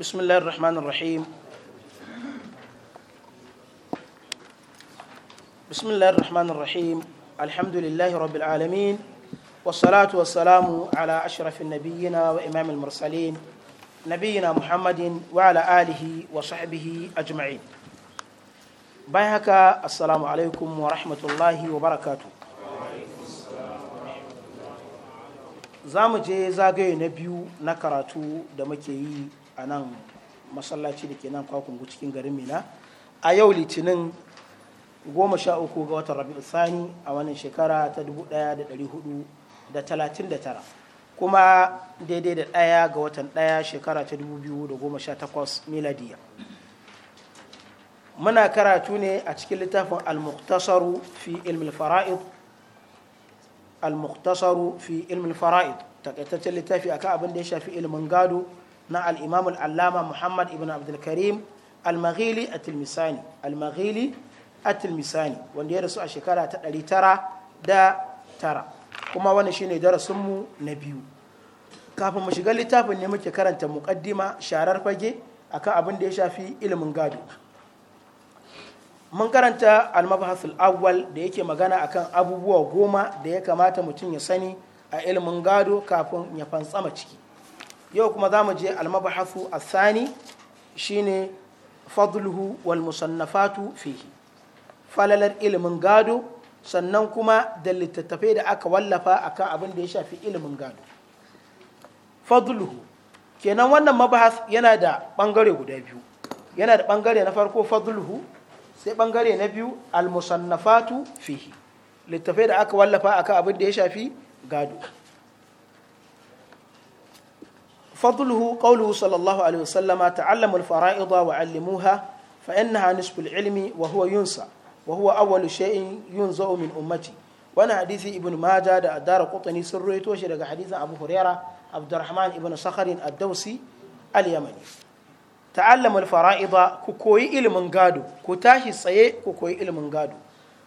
بسم الله الرحمن الرحيم بسم الله الرحمن الرحيم الحمد لله رب العالمين والصلاة والسلام على أشرف النبيين وإمام المرسلين نبينا محمد وعلى آله وصحبه أجمعين بايهك السلام عليكم ورحمة الله وبركاته za mu je zagaye na biyu na karatu da muke yi a nan masallaci da ke nan kwakungu cikin garin mina a yau litinin goma sha uku ga watan rabi'u sani a wannan shekara ta tara kuma daidai da ɗaya ga watan ɗaya shekara ta da sha 2018 miladiya muna karatu ne a cikin littafin al-muqtasaru fi ilmin fara'id al-muqtasaru fi ilmin fara'id takaitaccen littafi akan abin da ya shafi ilmin gado na al-imam al-allama muhammad ibn abdul karim al-maghili at-tilmisani al-maghili tilmisani wanda ya rasu a shekara ta 909 kuma wani shine darasin mu na biyu kafin mu shiga littafin ne muke karanta muƙaddima sharar fage akan abin da ya shafi ilimin gado mun karanta almabhasul awwal da yake magana akan abubuwa goma da ya kamata mutum ya sani a ilimin gado kafin ya fantsama ciki yau kuma za mu je almabahasu asani shine fadluhu wal musannafatu fihi falalar ilimin gado sannan kuma da littattafai da aka wallafa akan abin da ya shafi ilimin gado fadluhu kenan wannan mabahas yana da bangare guda biyu yana da bangare na farko fadluhu sai bangare na biyu al musannafatu fihi littattafai da aka wallafa akan abin da ya shafi gado فضله قوله صلى الله عليه وسلم تعلموا الفرائض وعلموها فإنها نصف العلم وهو ينسى وهو أول شيء ينزع من أمتي وانا حديث ابن ماجه دا دار قطني سرويتو شي daga hadisin Abu Huraira Abd Rahman ibn Sakhar ad-Dawsi al-Yamani ta'allamu ku koyi ilimin gado ku tashi tsaye ku koyi ilimin gado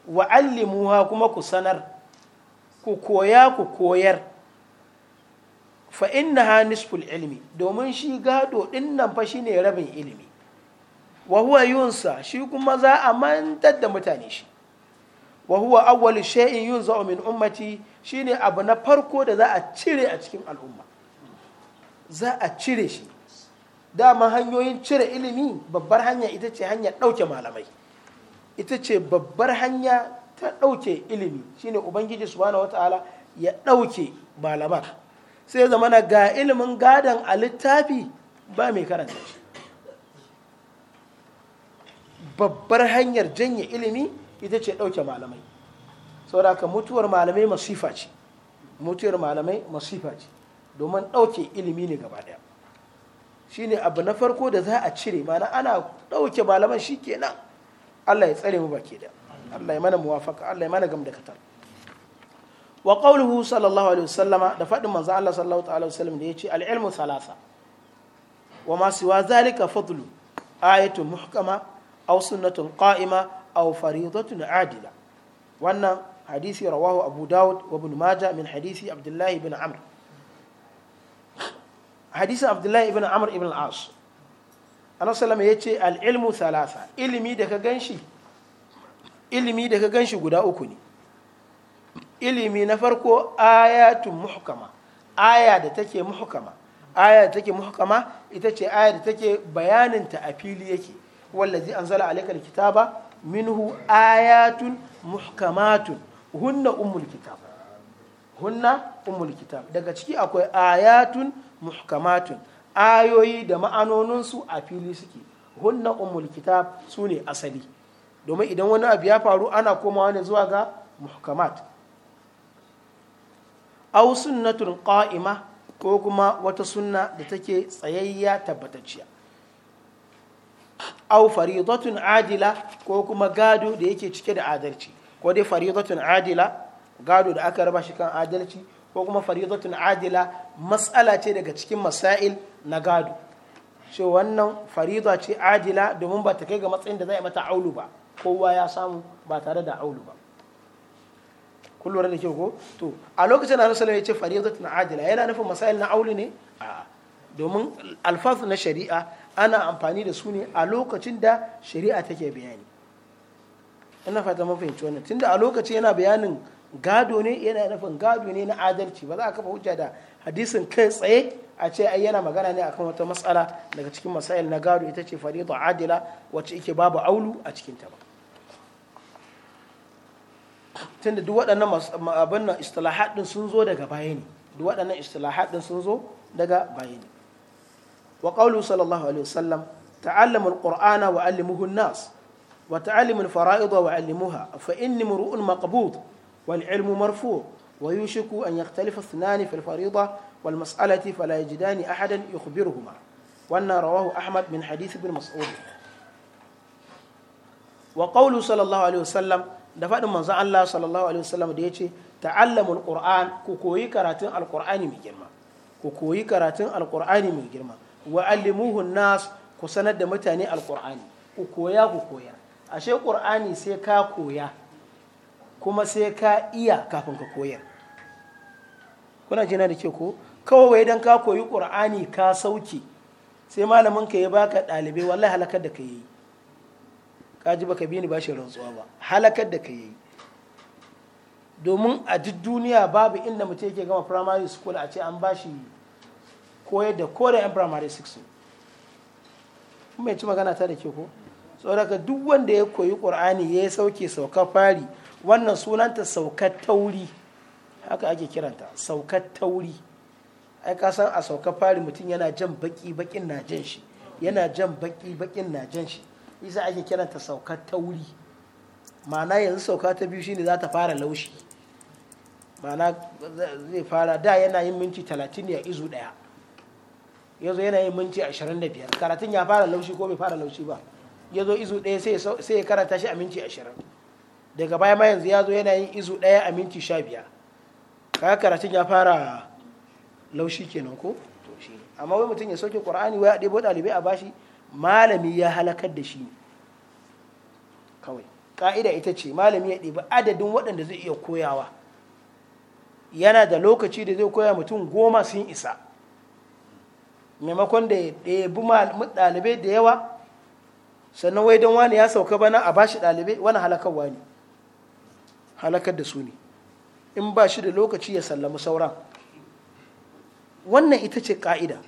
wa allimuha kuma ku sanar ku koya ku koyar fa ha nisful ilmi domin shi gado din nan fa shine rabin ilimi wa huwa yunsa shi kuma za a mantar da mutane shi wa huwa awwal shay'in yunza'u min ummati shine abu na farko da za a cire a cikin al'umma za a cire shi dama hanyoyin cire ilimi babbar hanya ita ce hanya ɗauke malamai ita ce babbar hanya ta ɗauke ilimi shine ubangiji subhanahu wataala ya ɗauke malaman sai zama na ga ilimin gadon a littafi ba mai karanta shi babbar hanyar janye ilimi ita ce ɗauke malamai sauraka mutuwar malamai masifa ce mutuwar malamai masifa ce domin ɗauke ilimi ne gaba ɗaya shi ne abu na farko da za a cire mana ana ɗauke malamai shi kenan allah ya tsare mu baki da allah ya mana muwafaka allah ya mana gam da katar wa qawluhu sallallahu alaihi wasallama da faɗin manzo Allah sallallahu ta'ala wasallam da yace al ilmu thalatha wa ma siwa zalika fadlu ayatun muhkama aw sunnatun qa'ima aw fariidatun adila wannan hadisi rawahu abu dawud wa ibn majah min hadisi abdullahi ibn amr hadisi abdullahi ibn amr ibn al-as annabi sallallahu ya al ilmu thalatha ilimi da ka ganshi ilimi da ka ganshi guda uku ne ilimi na farko ayatun muhkama aya da take muhkama aya da take muhkama ita ce aya da take bayaninta a fili yake wallazi anzala alaikal kitaba minhu ayatun muhkamatun hunna ummul kitab hunna ummul kitab daga ciki akwai ayatun muhkamatun ayoyi da ma'anoninsu a fili suke hunna ummul kitab su ne asali domin idan wani abu ya faru ana komawa ne zuwa ga muhkamat au sunnatun qa'ima ko kuma wata sunna da take tsayayya tabbatacciya au faridatun adila ko kuma gado da yake cike da adalci ko dai faridatun adila gado da aka raba shi kan adalci ko kuma faridatun adila matsala ce daga cikin masail na gado ce wannan farida ce adila domin ba ta kai ga matsayin da za mata aulu ba kowa ya samu ba tare da aulu ba Kullum da kyau ko to a lokacin da ya ce na adila yana nufin masail na auli ne a domin alfasu na shari'a ana amfani da su ne a lokacin da shari'a take bayani ina fata mafi fahimci wannan tunda a lokacin yana bayanin gado ne yana nufin gado ne na adalci ba za a kafa hujja da hadisin kai tsaye a ce ai yana magana ne akan wata matsala daga cikin masayar na gado ita ce farida adila wacce ike babu aulu a cikin ta ba tunda duk waɗannan abin nan istilahat sun zo daga baya ne duk waɗannan istilahat sun zo daga baya ne wa qawlu sallallahu alaihi wasallam ta'allamu alqur'ana wa 'allimuhu nas wa ta'allimu fara'idu wa 'allimuha fa inni muru'un maqbud wal 'ilmu marfu' wa yushiku an yaktalifa ithnani fil farida wal mas'alati fala yajidani ahadan yukhbiruhuma wannan rawahu ahmad min hadith ibn mas'ud wa qawlu sallallahu alaihi wasallam da faɗin manzon Allah sallallahu alaihi wasallam da yace ta'allamul qur'an ku koyi karatun alqur'ani mai girma ku koyi karatun alqur'ani mai girma wa allimuhu nas ku sanar da mutane alqur'ani ku koya ku koya ashe qur'ani sai ka koya kuma sai ka iya kafin ka koyar kuna jina da ke ko kawai dan ka koyi qur'ani ka sauke sai malamin ka ya baka ɗalibai wallahi halakar da ka yi ka ji baka bi ni shi rantsuwa ba halakar da ka yi domin a duk duniya babu inda mutum yake gama primary school a ce an bashi koyar da kore yan primary 6 kuma ya ci magana ta da ke ko tsoraka duk wanda ya koyi ƙur'ani ya sauke saukar fari wannan sunanta saukar tauri haka ake kiranta saukar tauri ai ka san a saukar fari mutum yana jan baki bakin na jan shi yana jan baki bakin na jan shi isa ake kiranta saukar tauri ma'ana yanzu sauka ta biyu shine za ta fara laushi ma'ana zai fara da yana yin minti talatin ne a izu daya zo yana yin minti ashirin da biyar karatun ya fara laushi ko bai fara laushi ba ya zo izu daya sai ya karanta shi a minti ashirin daga baya ma yanzu ya zo yana yin izu daya a minti sha kaga karatun ya fara laushi kenan ko to shi amma wai mutum ya sauke qur'ani wai a ɗebo ɗalibai a bashi malami ya halakar da shi kawai ƙa'ida ita ce malami ya ɗebi adadin waɗanda zai iya koyawa yana da lokaci da zai koya mutum goma sun isa maimakon da ya ɗebi ɗalibai da yawa sannan wai don wani ya sauka bana a bashi ɗalibai wani halakarwa ne halakar da su ne in ba shi da lokaci ya sallami sauran wannan ita ce ƙa'ida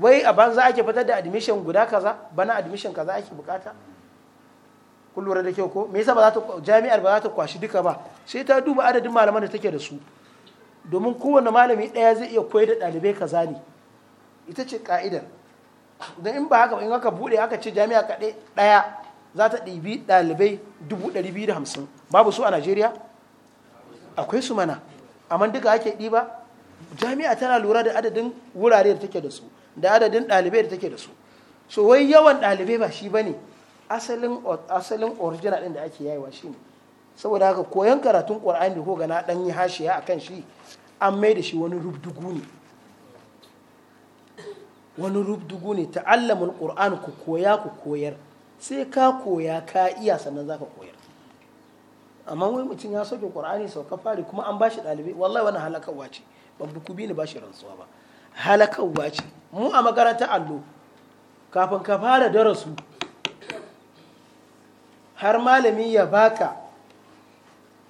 wai a banza ake fitar da admission guda kaza bana admission kaza ake bukata kun da kyau ko me yasa ba za ta jami'ar ba za ta kwashi duka ba sai ta duba adadin malaman da take da su domin kowane malami ɗaya zai iya koyar da ɗalibai kaza ne ita ce ka'idar don in ba haka in aka bude aka ce jami'a kaɗai ɗaya za ta ɗibi ɗalibai dubu ɗari biyu da babu su a najeriya akwai su mana amma duka ake ɗiba jami'a tana lura da adadin wurare da take da su da adadin ɗalibai da take da su so wai yawan ɗalibai ba shi bane asalin asalin original din da ake yayewa ne saboda haka koyon karatun qur'ani ko ga na ɗan yi hashiya akan shi an mai da shi wani rubdugu ne wani rubdugu ne ta'allamul qur'an ku koya ku koyar sai ka koya ka iya sannan zaka koyar amma wai mutum ya sauke qur'ani sauka fari kuma an ba shi ɗalibai wallahi wani halakawa ce ban ku bi ba shi rantsuwa ba halakawa ce mu a makarantar allo kafin ka fara darasu har malami ya baka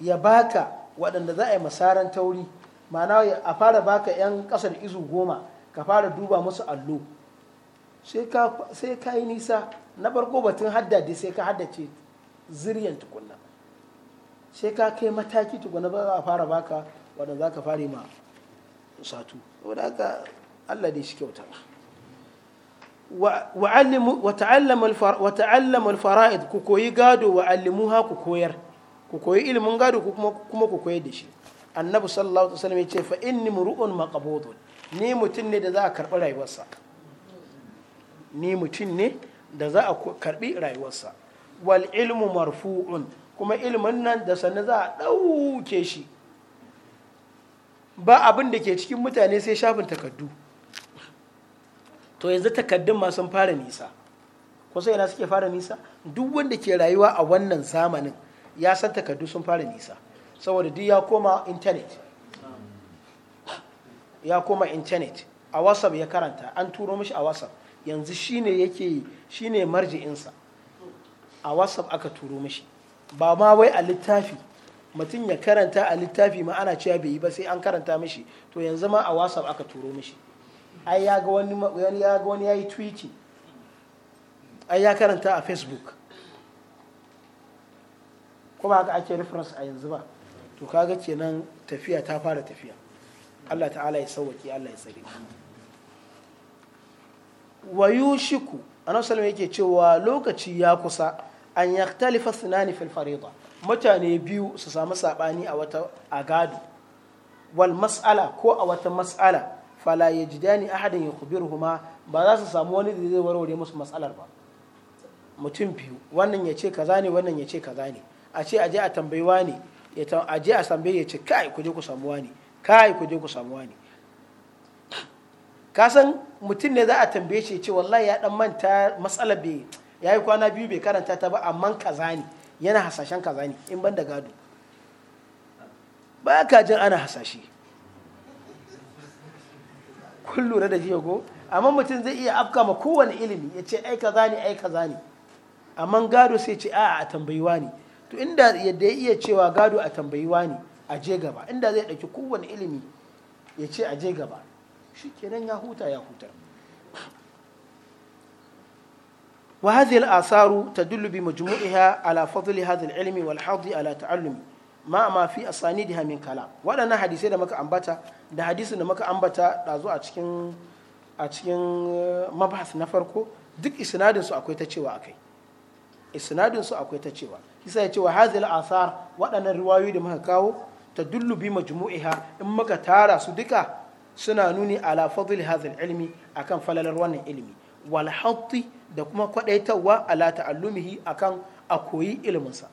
ya baka waɗanda za a yi masaran tauri ma'ana a fara baka 'yan ƙasar izu goma ka fara duba musu allo sai ka yi nisa na farko batun haddade sai ka haddace ziryan tukunna sai ka kai mataki tukunna ba za a fara baka waɗanda za ka fara yi ma satu saboda haka Allah dai shi kyauta wa ta'allama al ku koyi gado wa allimuha ku koyar ku koyi ilimin gado kuma ku koyar da shi annabi sallallahu alaihi wasallam ya ce fa inni mur'un maqbudun ni mutum ne da za a karbi rayuwarsa ni mutum ne da za a karbi rayuwarsa wal ilmu marfu'un kuma ilmin nan da sannan za a dauke shi ba abin da ke cikin mutane sai shafin takardu to yanzu takardun ma sun fara nisa sai yana suke fara nisa duk wanda ke rayuwa a wannan zamanin ya san takardu sun fara nisa saboda duk ya koma intanet ya koma internet a whatsapp ya karanta an turo mishi a whatsapp yanzu shine yake shine marji'insa a whatsapp aka turo mishi ba ma wai a littafi mutum ya karanta a littafi ma ana cewa bai yi ba sai an karanta mishi to yanzu ma a whatsapp aka turo mishi ai ya ga wani ya ga wani yayi tweeting ai ya karanta a facebook kuma haka ake reference a yanzu ba to kaga kenan tafiya ta fara tafiya Allah ta'ala ya sauwaki Allah ya tsare wa yushiku annabi sallallahu yake cewa lokaci ya kusa an yaktalifa sunani fil fariḍa mutane biyu su samu saɓani a wata a gado wal mas'ala ko a wata mas'ala fala ya ji dani ahadin ya huma ba za su samu wani da zai warware musu matsalar ba mutum biyu wannan ya ce kaza ne wannan ya ce kaza ne a ce aje a tambayi wani a je a tambayi ya ce kai ku je ku samu wani kai ku je ku samu wani kasan mutum ne za a tambaye shi ce wallahi ya dan manta mas'alar bai yayi kwana biyu bai karanta ta ba amma kaza ne yana hasashen kaza ne in ban da gado ba ka jin ana hasashe kun lura da jiya ko amma mutum zai iya afka ma kowane ilimi ya ce ai kaza ne ai kaza ne amma gado sai ce a a tambayiwa ne to inda yadda ya iya cewa gado a tambayiwa ne a je gaba inda zai ɗauki kowane ilimi ya ce a je gaba shi kenan ya huta ya hutar وهذه الآثار تدل بمجموعها على فضل هذا العلم والحظ على تعلمه ما ما في أسانيدها من كلام وأنا حديثي da muka ambata da hadisin da muka ambata da zo a cikin a cikin eh, mabahas na farko duk isnadin akwai ta cewa akai isnadin su akwai ta cewa isa ya ce wa hazil asar waɗannan riwayoyi da muka kawo ta dullu bi majmu'iha in muka tara su duka suna nuni ala fadl hazil ilmi akan falalar wannan ilmi. walhati da kuma kwadaitarwa ala ta'allumihi akan a koyi iliminsa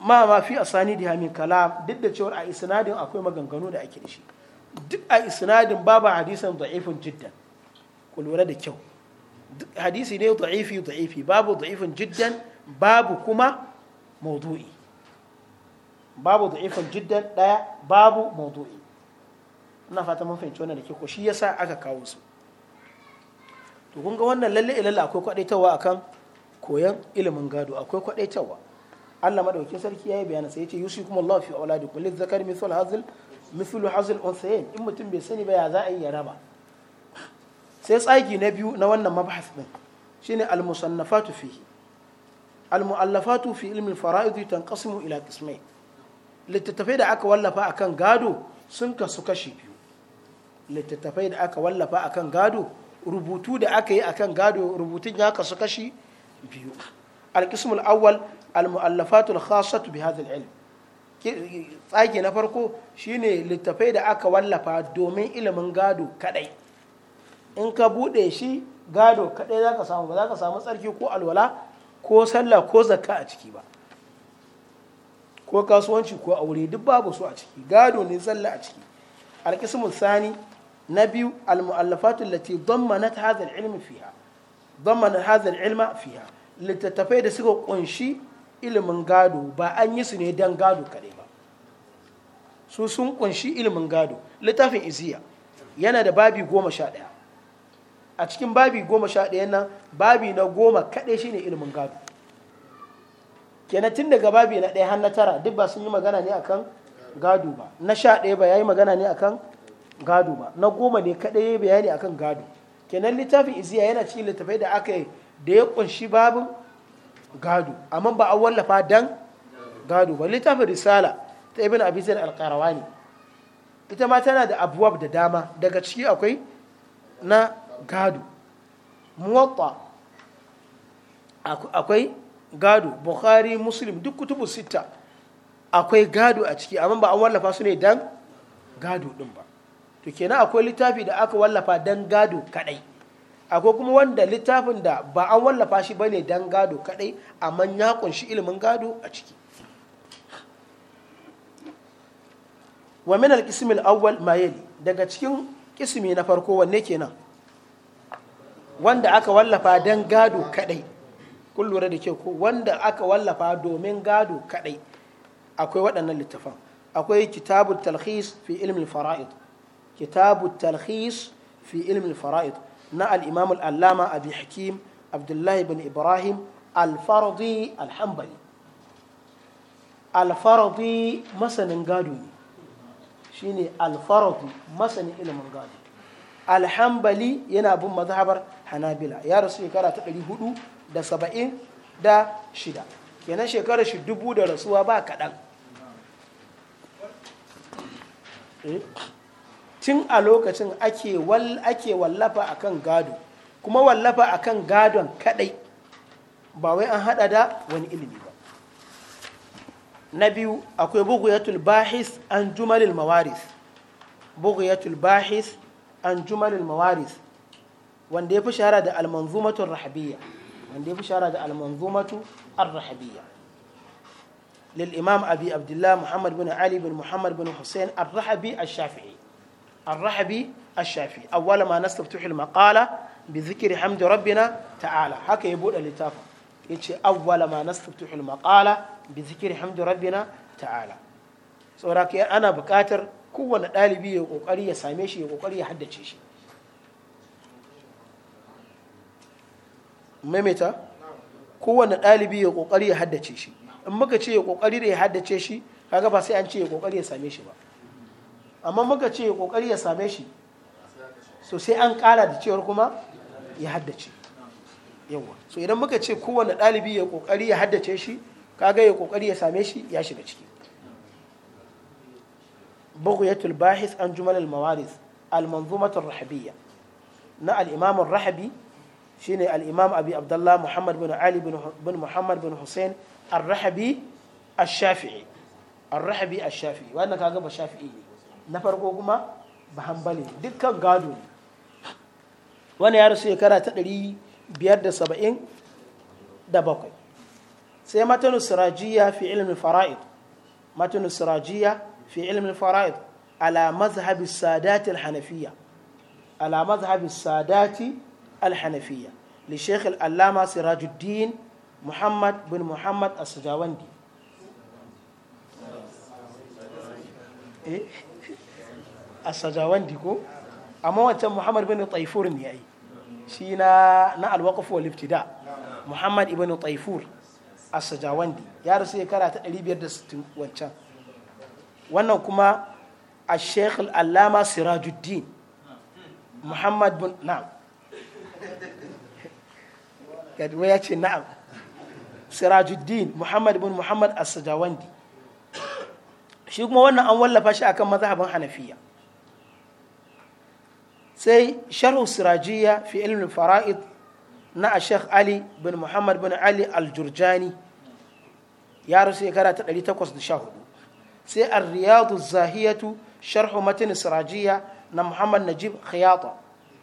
ma ma fi asani da min kalam duk da cewar a isnadin akwai maganganu da ake da duk a isnadin babu hadisan da'ifin jiddan ku lura da kyau hadisi ne da'ifi da'ifi babu da'ifin jiddan babu kuma maudu'i babu da'ifin jiddan daya babu maudu'i ina fata mun fahimci wannan da ke ko shi yasa aka kawo su to kun ga wannan lalle ilalla e akwai kwadaitawa akan koyan ilimin gado akwai kwadaitawa Allah madaukakin sarki yayi bayanin sai yace yusikum Allah fi auladikum lil zakari mithlu hazl mithlu hazl unsayin in mutum bai sani ba ya za a yi raba sai tsaki na biyu na wannan mabhas din shine al musannafatu fihi al muallafatu fi ilmi al fara'id tanqasimu ila qismayn littattafai da aka wallafa akan gado sun kasu kashi biyu littattafai da aka wallafa akan gado rubutu da aka yi akan gado rubutun ya kasu kashi biyu alkismul awwal almu'allafatul khassatu bi hadha ilm tsage na farko shine littafai da aka wallafa domin ilimin gado kadai in ka bude shi gado kadai zaka samu ba zaka samu tsarki ko alwala ko sallah ko zakka a ciki ba ko kasuwanci ko aure duk babu su a ciki gado ne sallah a ciki alkismul sani na biyu al-mu'allafatu allati dammanat hadha al-ilm fiha dammanat hadha al-ilma fiha littattafai da suka kunshi ilimin gado ba an yi su ne dan gado kare ba su sun kunshi ilimin gado littafin iziya yana da babi goma sha ɗaya a cikin babi goma sha ɗaya nan babi na goma kaɗai shine ilimin gado kenan tun daga babi na ɗaya har na tara duk ba sun yi magana ne akan gado ba na sha ɗaya ba ya yi magana ne akan gado ba na goma ne kaɗai ya bayani akan gado kenan littafin iziya yana cikin littafai da aka yi da ya kunshi babin gado amma ba an wallafa dan gado ba littafin risala ta ibn abizar ne ita ma tana da abuwab da dama daga ciki akwai na gado muwatta akwai gado bukhari muslim duk kutubu sita akwai gado a ciki amma ba an wallafa su ne dan gado din ba to kenan akwai littafi da aka wallafa dan gado kadai akwai kuma wanda littafin da ba an wallafa shi ba ne dan gado kadai amma ya kunshi ilimin gado a ciki wa min al-qism al-awwal ma yali daga cikin kismi na farko wanne kenan wanda aka wallafa dan gado kadai kun da ke ko wanda aka wallafa domin gado kadai akwai waɗannan littafan akwai kitabul talhis fi ilmin fara'id kitabu talhis fi ilmin fara'id na al'imam al'allama abi hakim abdullahi bin ibrahim alfardi alhambali alfardi masanin gado ne shine alfardi masanin ilimin gado alhambali yana bin mazhabar hanabila ya rasu shekara ta 476 kenan shekarar shi dubu da rasuwa ba kaɗan tun a lokacin ake wallafa wallafa akan gado kuma wallafa akan gadon kadai ba wai an hada da wani ilimi ba na biyu akwai buguyatul bahis an jumalil mawaris buguyatul bahis an jumalil mawaris wanda ya fi shahara da almanzumatun rahabiyya wanda ya fi shara da almanzumatu an rahabiyya للإمام أبي عبد الله muhammad bin ali bin muhammad bin حسين الرحبي الشافعي الرحبي الشافعي أول ما نستفتح المقالة بذكر حمد ربنا تعالى هكا يقول اللتافة يتشي أول ما نستفتح المقالة بذكر حمد ربنا تعالى saboda ana buƙatar kowane ɗalibi ya ƙoƙari ya same shi ya ƙoƙari ya haddace shi maimaita kowane ɗalibi ya ƙoƙari ya in muka ce ya ƙoƙari da ya haddace shi kaga ba sai an ce ya ƙoƙari ya same shi ba amma muka ce kokari ya same shi so sai an kara da cewar kuma ya haddace yawa so idan muka ce kowane ɗalibi ya kokari ya haddace shi kaga ya kokari ya same shi ya shiga ciki bughyatul bahis an jumal al mawaris al manzumatur rahabiyya na al imam ar rahabi shine al imam abi abdullah muhammad bin ali bin muhammad bin hussein ar rahabi ash shafi'i ar rahabi ash shafi'i wannan kaga ba shafi'i ne na farko kuma ba hambali dukkan gado ne wani ya rasu shekara ta 577 sai matanu sirajiya fi ilmin fara'id matanu sirajiya fi ilmin fara'id ala mazhabi sadati al-hanafiyya ala mazhabi sadati al-hanafiyya li shaykh al-allama sirajuddin muhammad bin muhammad as-sajawandi eh a sajawandi ko amma wancan muhammad bin taifur ne yi shi na na alwaqf wal ibtida muhammad ibn taifur a sajawandi ya rasu shekara ta 560 wancan wannan kuma a sheikh al'allama sirajuddin muhammad bin na'am gadwa ya ce na'am sirajuddin muhammad bin muhammad as di shi kuma wannan an wallafa shi akan mazhabin hanafiya sai sharhu sirajiya fi ilmin fara'id na a sheikh ali bin muhammad bin ali al-jurjani ya rasu shekara ta hudu. sai ar-riyadu zahiyatu sharhu matin sirajiya na muhammad najib khiyata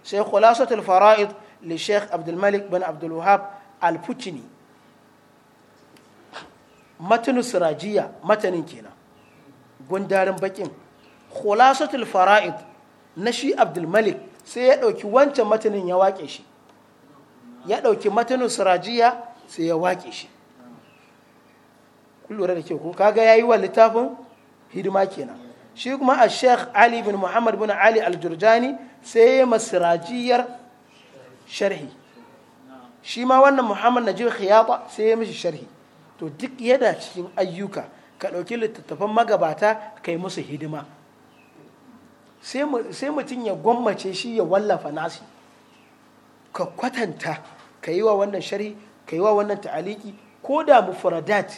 sai khulasatul fara'id li sheikh abdul malik bin abdul wahab al-putini matin sirajiya matanin kenan gundarin bakin khulasatul fara'id na shi abdulmalik sai ya ɗauki wancan matanin ya waƙe shi ya ɗauki matanin surajiya sai ya waƙe shi lura da ke ko kaga ya yi wa littafin hidima kenan shi kuma a sheikh ali bin muhammad bin ali aljurjani sai ya masirajiyar sharhi shi ma wannan muhammad najib khiyata sai ya mishi sharhi to duk yada cikin ayyuka ka ɗauki littattafan magabata ka yi musu hidima sai mutum ya gwammace shi ya wallafa nasi ka kwatanta ka yi wa wannan shari ka yi wa wannan ta'aliki ko da mufradat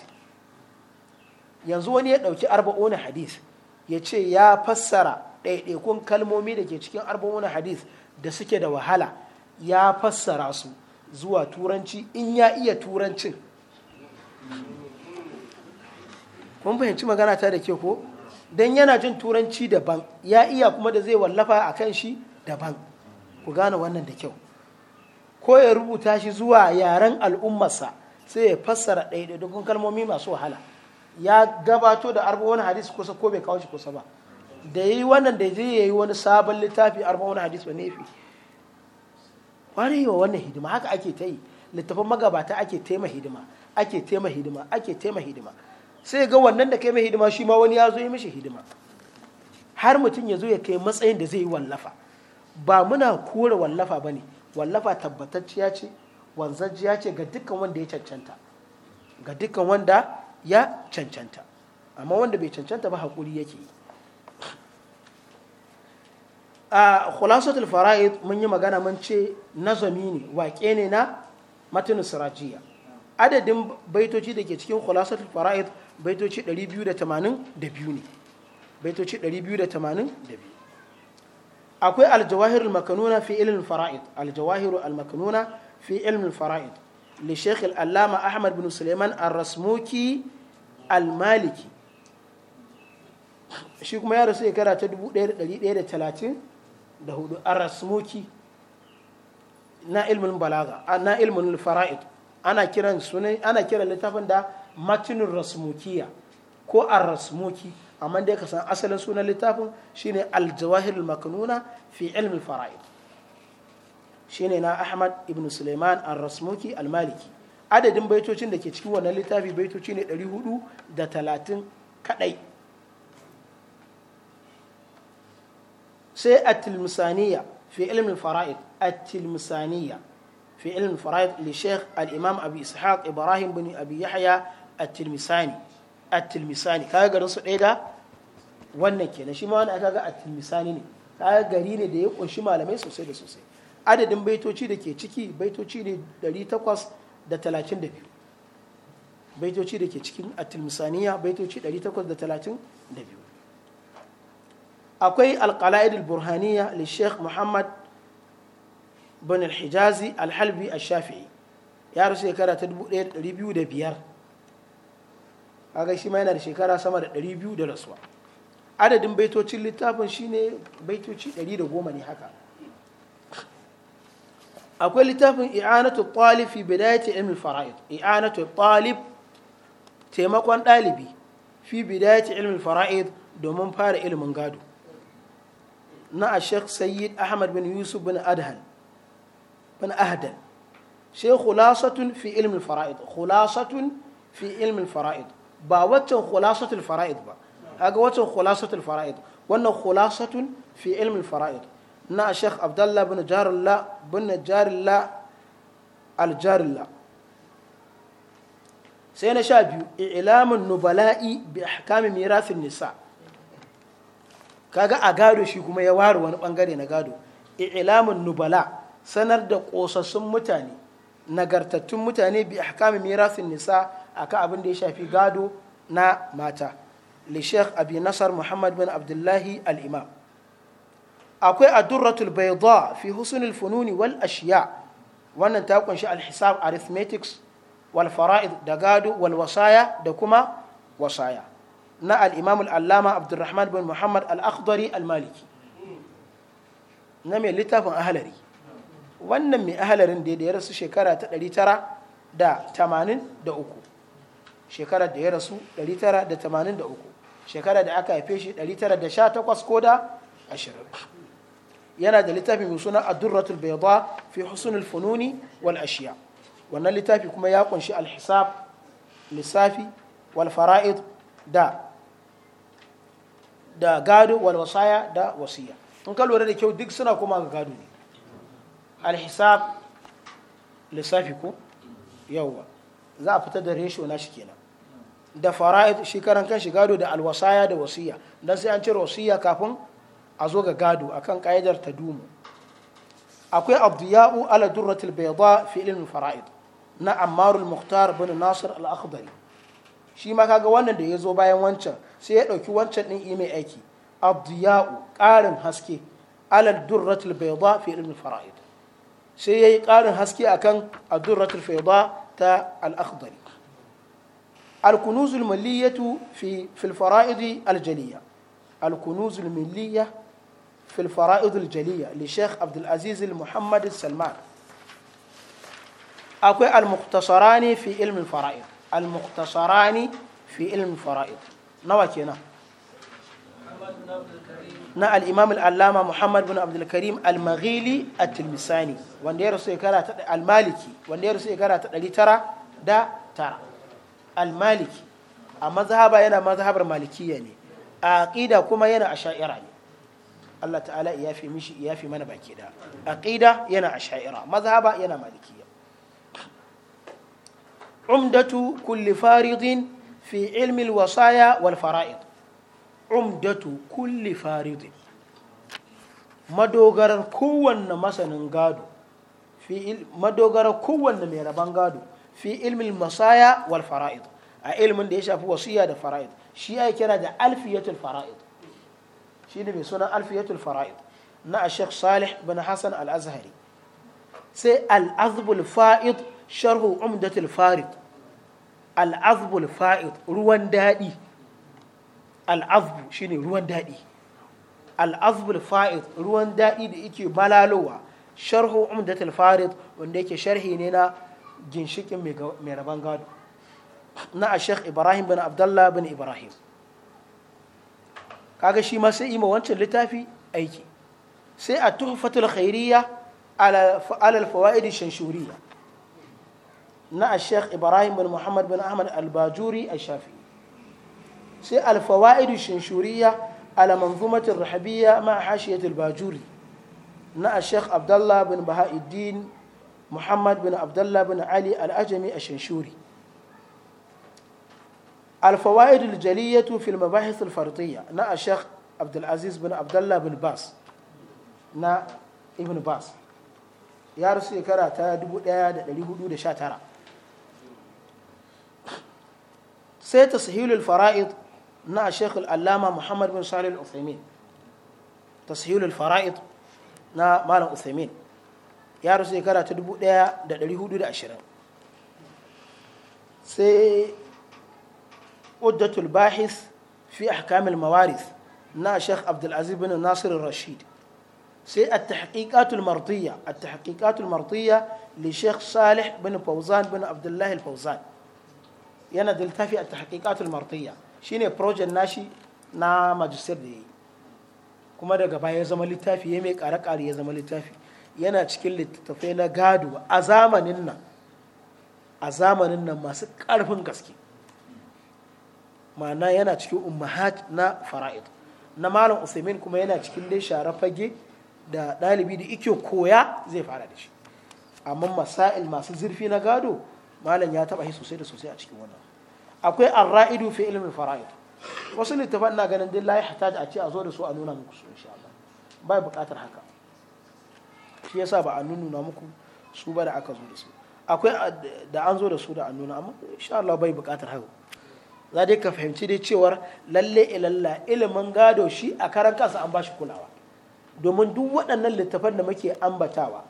yanzu wani ya ɗauki arba'una hadis ya ce ya fassara ɗaiɗaikun kalmomi da ke cikin arba'una hadis da suke da wahala ya fassara su zuwa turanci in ya iya turancin kun fahimci magana ta da ke ko don yana jin turanci daban ya iya kuma da zai wallafa a kan shi daban ku gane wannan da kyau ko ya rubuta shi zuwa yaren al'ummarsa sai ya fassara dukkan kalmomi masu wahala ya gabato da wani hadis kusa ko bai kawo shi kusa ba da yi wannan da zai yi wani sabon littafi wani hadis ba nefi kwarewa wannan hidima haka ake ta yi littafin magabata ake taima hidima ake taima hidima ake taima hidima sai ga wannan da kai mai hidima shi ma wani ya zo yi mishi hidima har mutum ya zo ya kai matsayin da zai yi wallafa ba muna kore wallafa ba ne wallafa tabbatacciya ce wanzajjiya ce ga dukkan wanda ya cancanta ga dukkan wanda ya cancanta amma wanda bai cancanta ba haƙuri yake yi a khulasatul fara'id mun yi magana mun ce nazami ne waƙe ne na matinu sirajiya adadin baitoci da ke cikin khulasatul fara'id baitoci 282 ne baitoci 282 akwai aljawahir al-makanuna fi ilmin fara'id aljawahir al-makanuna fi ilmin fara'id li sheikh al-allama ahmad bin suleiman ar-rasmuki al-maliki shi kuma ya rasu shekara ta 1134 ar-rasmuki na ilmin balaga na ilmin fara'id ana kiran sunan ana kiran littafin da matinin rasmukiya ko ar-rasmuki amma dai ka san asalin sunan littafin shine al maknuna makanuna fi ilmi fara'id shine na Ahmad ibn Suleiman ar-rasmuki al-maliki adadin baitocin da ke cikin wannan littafi baitoci ne 430 kadai sai at-tilmisaniya fi ilmi fara'id at-tilmisaniya في علم الفرائض لشيخ الإمام أبي إسحاق ibrahim bin أبي yahya. at-tilmisani at-tilmisani kaga garin su ɗaya da wannan kenan shi ma wani aka ga at-tilmisani ne kaga gari ne da ya kunshi malamai sosai da sosai adadin baitoci da ke ciki baitoci ne 832 baitoci da ke cikin at-tilmisaniya baitoci 832 akwai al-qala'id al-burhaniya li Sheikh Muhammad bin al-Hijazi al-Halbi al-Shafi'i ya rasu shekara ta 1205 kaga shi ma yana da shekara sama da 200 da rasuwa adadin baitocin littafin shine baitoci 110 ne haka akwai littafin i'anatu talib fi bidayati ilmi fara'id i'anatu talib taimakon ɗalibi fi bidayati ilmi fara'id domin fara ilimin gado na a sheikh sayyid ahmad bin yusuf bin adhan bin ahdan sai khulasatun fi ilmin fara'id khulasatun fi ilmin fara'id ba waccan khulasatul fara'id ba kaga waccan khulasatul fara'id wannan khulasatun fi ilmin fara'id na Sheikh Abdullah bin Jarullah bin Jarullah al-Jarullah sai na sha biyu ilamin nubala'i bi ahkamin mirasin nisa kaga a gado shi kuma ya ware wani bangare na gado ilamin nubala sanar da kosassun mutane nagartattun mutane bi ahkamin mirasin nisa akan abin da ya shafi gado na mata li sheikh abi nasar muhammad bin abdullahi al akwai adurratul bayda fi husnul fununi wal ashiya wannan ta kunshi alhisab arithmetics wal fara'id da gado wal wasaya da kuma wasaya na al-imam allama abdurrahman bin muhammad al-akhdari al-maliki na mai littafin ahalari wannan mai ahalarin da ya rasu shekara ta 983 shekarar da ya rasu 983 shekarar da aka haife shi 918 ko da 20 yana da littafi mai suna ad-durratul fi husnul fununi wal ashiya wannan littafi kuma ya kunshi alhisab lissafi wal fara'id da da gado wal wasaya da wasiya in ka lura da kyau duk suna kuma ga gado ne alhisab lissafi ko yawwa za a fitar da ratio na shi kenan da fara'id shi karan kan shi gado da alwasaya da wasiya dan sai an cire wasiya kafin a zo ga gado akan ka'idar ta dumu akwai abdiya'u ala durratil bayda fi ilmin fara'id na ammarul muhtar bin nasir al-akhdari shi ma kaga wannan da ya zo bayan wancan sai ya ɗauki wancan ɗin ime aiki abdiya'u ƙarin haske alal durratul bayda fi ilmin fara'id sai yayi ƙarin haske akan ad-durratul bayda ta al-akhdari الكنوز الملية في في الفرائض الجلية الكنوز الملية في الفرائض الجلية لشيخ عبد العزيز المحمد السلمان أكو المختصران في علم الفرائض المختصران في علم الفرائض نوى نا الإمام العلامة محمد بن عبد الكريم المغيلي التلمساني وندير سيكارة المالكي وندير سيكارة الترى دا ترى al-maliki a mazhaba yana mazhabar malikiya ne a aqida kuma yana asha'ira ne Allah ta'ala ya fi mishi ya fi mana baki da aqida yana asha'ira mazhaba yana malikiya umdatu kulli faridin fi ilmi al-wasaya wal fara'id umdatu kulli faridin madogarar kowanne masanin gado fi madogarar kowanne mai raban gado في علم المصايا والفرائض علم دي شاف وصيه ده فرائض شي اي كرا ده الفيه الفرائض شي ده بيسونا الفيه الفرائض نا الشيخ صالح بن حسن الازهري سي العذب الفائض شرح عمده الفارض العذب الفائض روان دادي العذب شيني روان دادي العذب الفائض روان دادي ده يكي بلالوا شرح عمده الفارض وان ده يكي شرحي نينا ginshikin mai rabon gado na a sheikh ibrahim bin abdullah bin ibrahim kaga shi ma sai ima wancan littafi aiki sai a tuhfatul khairiyya ala fawaid shanshuriya na a sheikh ibrahim bin muhammad bin ahmad al-Bajuri a shafi sai alfawaid shanshuriya على منظومة الرحبية مع حاشية الباجوري نا الشيخ عبد الله بن بهاء الدين muhammad bin abdullah bin ali al'ajami a shanshuri الفوائد الجلية في المباحث الفرضية نا الشيخ عبد العزيز بن عبد الله بن باس نا ابن باس يا رسول كرا تا دبو دايا دا دلي هدو دا شاترا سي تسهيل الفرائض نا الشيخ العلامة محمد بن صالح العثيمين تسهيل الفرائض نا مال عثيمين ya rasu shekara ta 1420 sai uddatul bahis fi ahkamil mawaris na sheikh abdulaziz bin nasir rashid sai at-tahqiqatul martiya at-tahqiqatul martiya li sheikh salih bin fawzan bin Abdullahi fawzan yana da littafi at-tahqiqatul martiya shine project nashi na magister da yayi kuma daga baya ya zama littafi ya mai kare-kare ya zama littafi yana cikin littattafai na gado a zamanin nan a zamanin nan masu ƙarfin gaske ma'ana yana cikin ummahat na fara'id na malam usaimin kuma yana cikin dai shara fage da ɗalibi da ike koya zai fara da shi amma masail masu zurfi na gado malam ya taɓa shi sosai da sosai a cikin wannan akwai arra'idu fi ilmin fara'id wasu littafan na ganin dai layi hata a ce a zo da su a nuna muku su insha Allah bai buƙatar haka shi yasa ba a nuna muku su ba da aka zo da su akwai da an zo da su da an nuna amma insha Allah bai bukatar haka za dai ka fahimci dai cewar lalle ilalla ilimin gado shi a karan kansa an bashi kulawa domin duk waɗannan littafan da muke ambatawa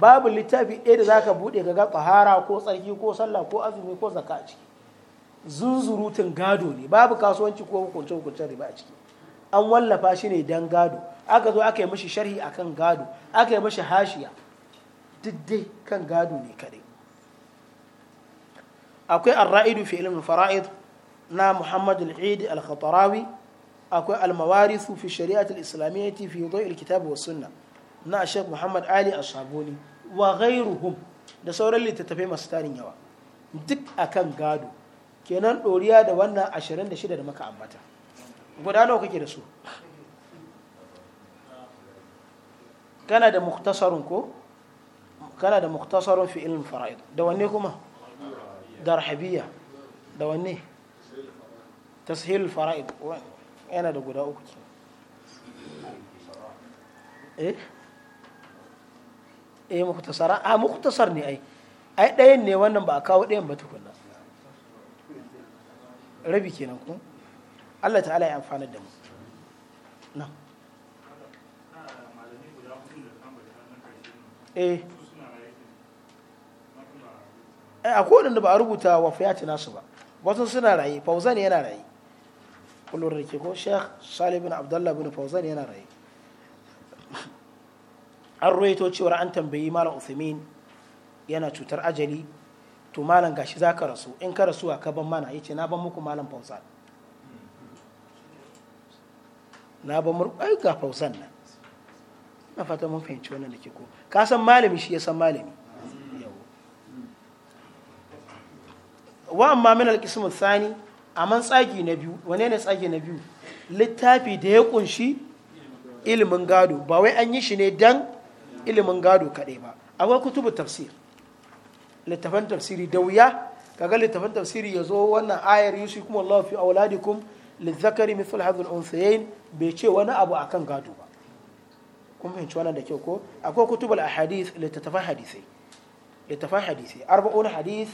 babu littafi ɗaya da zaka buɗe ka ga tsahara ko tsarki ko sallah ko azumi ko zakka a ciki zunzurutun gado ne babu kasuwanci ko hukunce hukuncen riba a ciki an wallafa shi ne don gado aka zo aka yi mashi sharhi kan gado aka yi mashi hashiya diddai kan gado ne kadai akwai arra'idu fi ilmin fara'id na muhammad al-eid al-khatarawi akwai almawarisu fi shari'at al-islamiyyati fi yudai ilkitabu kitab wa sunna na shek muhammad ali al-shaboni wa ghairuhum da sauran littattafai masu tarin yawa duk akan gado kenan ɗoriya da wannan 26 da maka ambata guda nawa kake da su kana da muktasarun ko kana da muktasarun fi ilmin fara'id da wanne kuma da rahabiyya da wanne tashil fara'id yana da guda uku ce eh eh muktasara a ah, muktasar ne ai ai ɗayan ne wannan ba a kawo ɗayan ba tukunna rabi kenan ku Allah ta'ala ya amfana da mu eh a eh, akwai wadanda ba a rubuta wa fayati nasu ba wasu suna raye fauzan yana raye kullum rike ko sheikh salibin bin abdullah bin fauzan yana raye an ruwaito cewar an tambayi malam Uthimin yana cutar ajali to malam gashi za ka rasu in ka rasu a ka ban mana ce na ban muku malam fauzan na ban murkwai ga fauzan nan na fata mun fahimci wannan da ke ko ka san malami shi ya san malami wa amma min alqismu thani amma tsagi na biyu wane ne tsagi na biyu littafi da ya kunshi ilimin gado ba wai an yi shi ne dan ilimin gado kadai ba akwai kutubu tafsir littafan tafsiri da wuya kaga littafan tafsiri ya zo wannan ayar yusi kuma Allah fi auladikum lizakari mithul hadhul unsayain bai ce wani abu akan gado ba kun fahimci wannan da kyau ko akwai kutubul ahadith littattafan hadisai littattafan hadisai arba'un hadith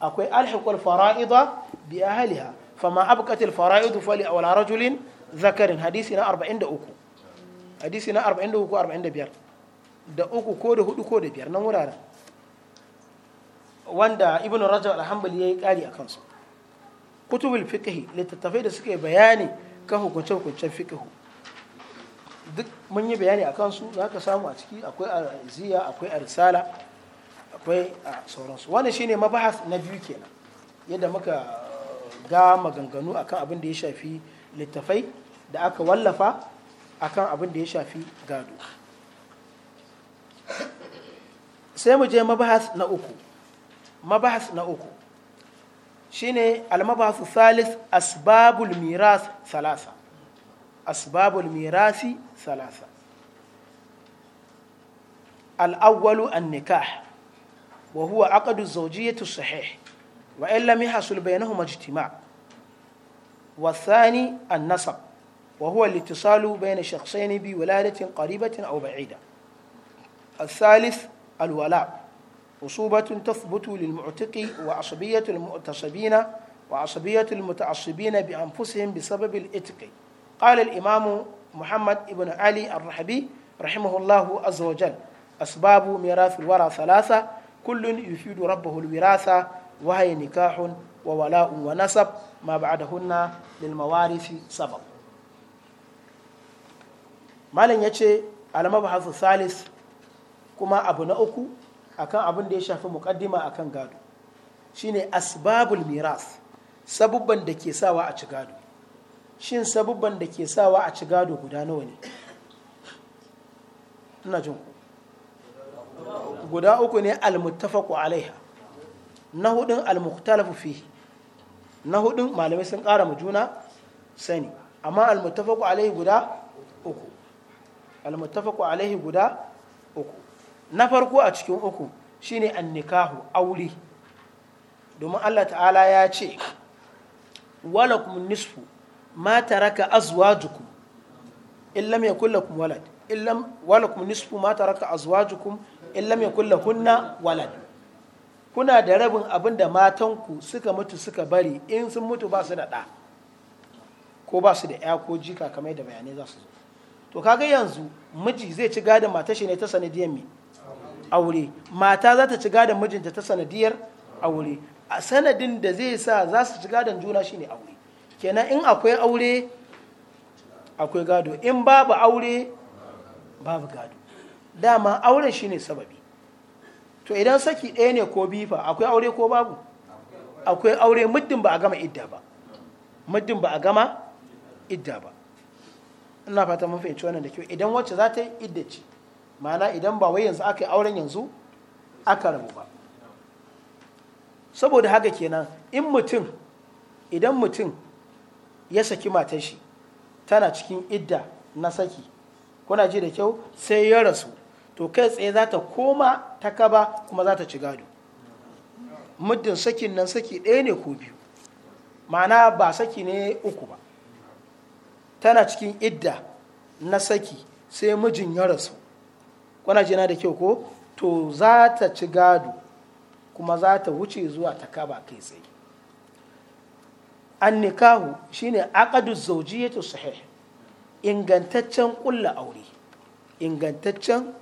akwai alhiqul fara'ida bi ahliha fama abqatil fara'id fali aw rajulin zakarin hadisi na 43 hadisi na 43 45 da uku ko da hudu ko da biyar nan wuraren wanda ibnu rajab alhambali yayi kari akan su kutubul fiqh littattafai da suke bayani kan hukunce hukuncen fiqh duk mun yi bayani a kansu za ka samu a ciki akwai arziya akwai risala akwai a sauransu wani shine mabahas na biyu kenan yadda muka uh, ga maganganu akan abin da ya shafi littafai da aka wallafa akan abin da ya shafi gado sai mu je mabahas na uku mabahas na uku shine almabahasu salis asbabul miras salasa أسباب الميراث ثلاثة الأول النكاح وهو عقد الزوجية الصحيح وإن لم يحصل بينهما اجتماع والثاني النسب وهو الاتصال بين شخصين بولادة قريبة أو بعيدة الثالث الولاء عصوبة تثبت للمعتق وعصبية المعتصبين وعصبية المتعصبين بأنفسهم بسبب الإتق قال الإمام محمد بن علي الرحبي رحمه الله عز وجل أسباب ميراث الورى ثلاثة كل يفيد ربه الوراثة وهي نكاح وولاء ونسب ما بعدهن للموارث سبب malam ya ce almabhasu salis kuma abu na uku akan abin da ya shafi mukaddima akan gado shine asbabul miras sabubban da ke sawa a ci gado shin sabubban da ke sawa a ci gado guda nawa ne ina jin ku guda uku ne almuttafaqu alaiha na hudun almuhtalafu fi na hudun malamai sun kara mu juna sani amma almuttafaqu alaihi guda uku almuttafaqu alaihi guda uku na farko a cikin uku shine annikahu aure domin Allah ta'ala ya ce walakum nisfu ma taraka azwajukum in lam yakul lakum walad illam walakum nisfu ma taraka azwajukum in lam yakul lakunna walad kuna da rabin abin da matanku suka mutu suka bari in sun mutu ba su da ɗa ko ba su da ya ko jika kamar da bayanai za su zo to kaga yanzu miji zai ci gada mata shi ne ta sanadiyar mi aure mata za ta ci gada mijinta ta sanadiyar aure a sanadin da zai sa za su ci gadon juna shi ne aure kenan in akwai aure akwai gado in babu aure babu gado dama aure shine sababi to idan saki ɗaya ne ko bifa akwai aure ko babu akwai aure muddin ba a gama idda ba muddin ba a gama idda ba ina fata mun fahimci wannan da kyau idan wacce za ta yi idda ce ma'ana idan ba wai yanzu aka yi auren yanzu aka rabu ba saboda haka kenan in mutum idan mutum ya saki matar shi tana cikin idda na saki kuna ji da kyau sai ya rasu to kai tsaye za ta koma ta kaba kuma za ta ci gado muddin sakin nan saki ɗaya ne ko biyu ma'ana ba saki ne uku ba tana cikin idda na saki sai mijin ya rasu kuna na da kyau ko to za ta ci gado kuma za ta wuce zuwa ta kaba kai tsaye an nikahu shine ya zawjiyatu sahih ingantaccen ƙulla aure ingantaccen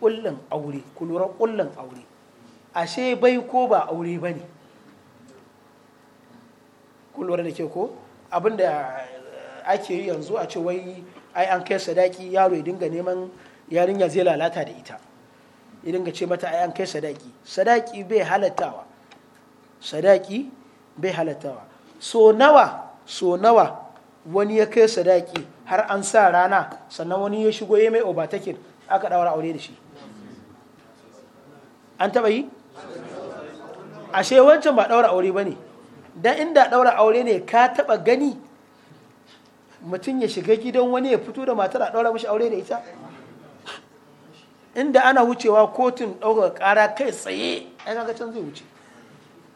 ƙullin aure kulura ƙullin aure ashe bai ko ba aure ba ne kulura da ke ko abinda eh, ake yi yanzu a ce wai ai an kai sadaki yaro ya dinga neman yarinya zai lalata da ita ya dinga ce mata ai an kai sadaki sadaki bai halattawa sadaki bai halattawa so nawa so nawa wani ya kai sadaki har an sa rana sannan wani ya shigo ya mai obatakin aka ɗaura aure da shi an taɓa yi ashe wancan ba ɗaura aure ba ne don inda ɗaura aure ne ka taɓa gani mutum ya shiga gidan wani ya fito da matar a ɗaura mashi aure da ita inda ana wucewa kotun ɗaukar ƙara kai tsaye ai kaga can zai wuce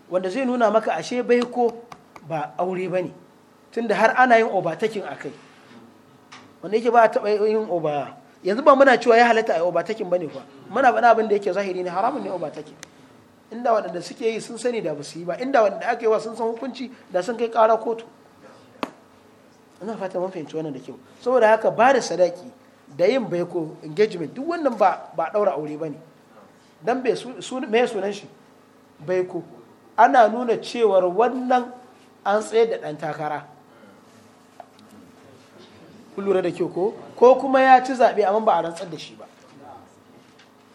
wanda zai nuna maka ashe bai ko ba aure ba ne tunda har ana yin obatakin a kai wanda yake ba a taɓa yin oba yanzu ba muna cewa ya halatta a obatakin ba ne kuwa muna faɗa abin da yake zahiri ne haramun ne obatakin inda waɗanda suke yi sun sani da ba su yi ba inda waɗanda aka yi wa sun san hukunci da sun kai ƙara kotu ina fata mun fahimci wannan da kyau saboda haka ba da sadaki da yin baiko engagement duk wannan ba ba ɗaura aure ba ne dan bai su sunan shi baiko ana nuna cewar wannan an tsayar da ɗan takara kun lura da kyau ko ko kuma ya ci zaɓe amma ba a rantsar da shi ba